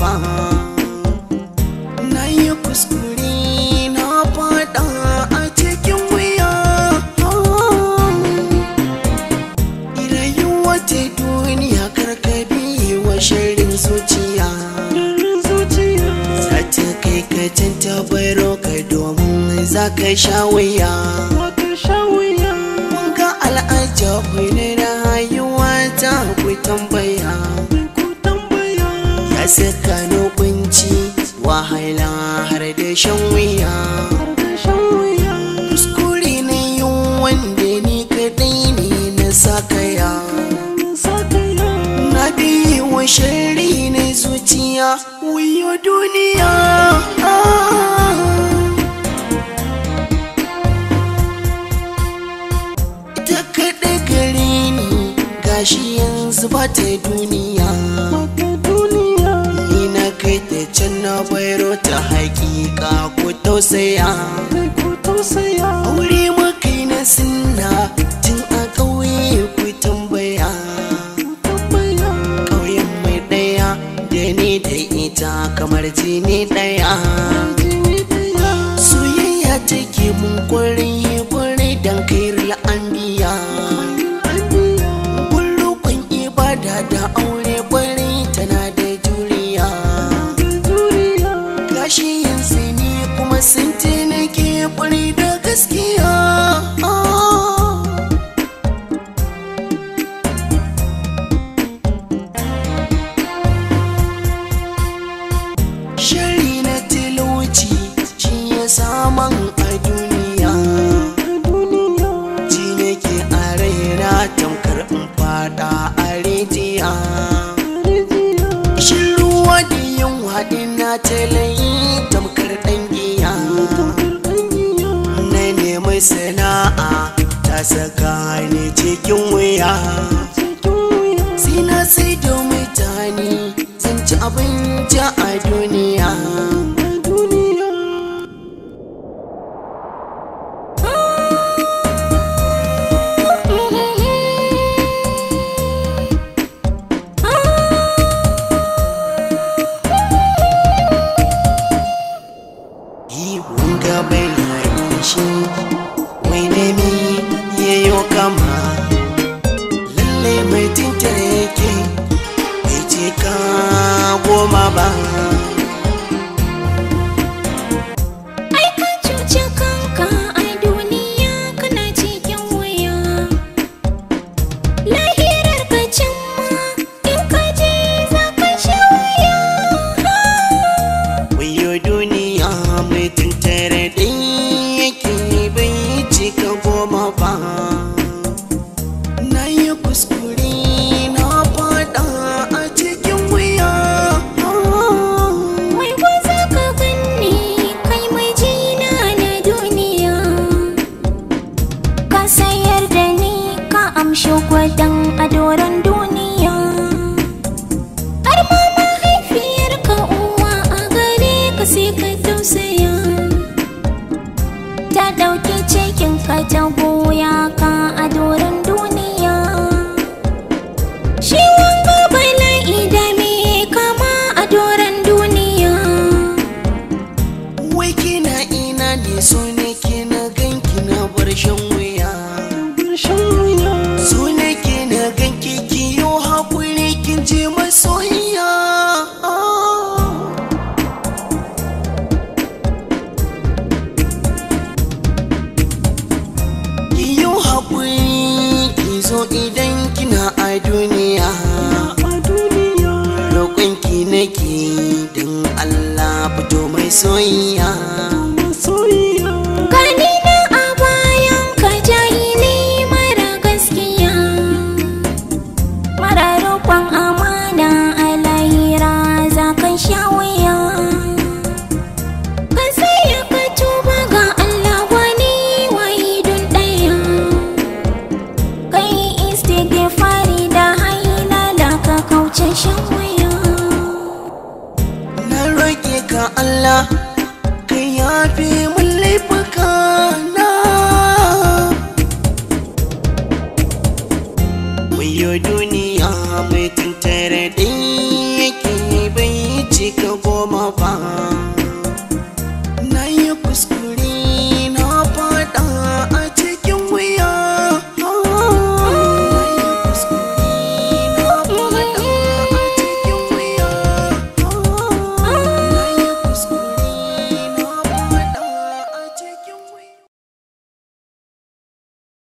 ba na yi kuskure na faɗa a cikin wuya rayuwa ta duniya karkabi wa shirin zuciya za ta kai ka canta baro ka domin za ka sha ta tambaya suka nukunci wahala har da shan wuya kuskure na yin wanda ni kadai ne na ya na wa shari na zuciya wuyo duniya ta kaɗa gare ni gashi yanzu ba ta duniya tausaya aure makai yi na sinna tun a ƙauye ku tambaya ƙauyen mai ɗaya da ne da ita kamar jini ɗaya soyayya take mun kwarai kwarai dan kai la'andiya sakani cikin wuya sai sai da mutane zan ci ja a duniya love shugwa dan adoran duniya har ma mahaifiyarka uwa a gare ka sai ka tausaya so idan kina a duniya ki nake don Allah fito mai soyayya shege fari da haina da ka kauce shan wuya na roƙe ka Allah ka yafe min laifuka na wayo duniya mai tantare ɗin yake bai cika goma ba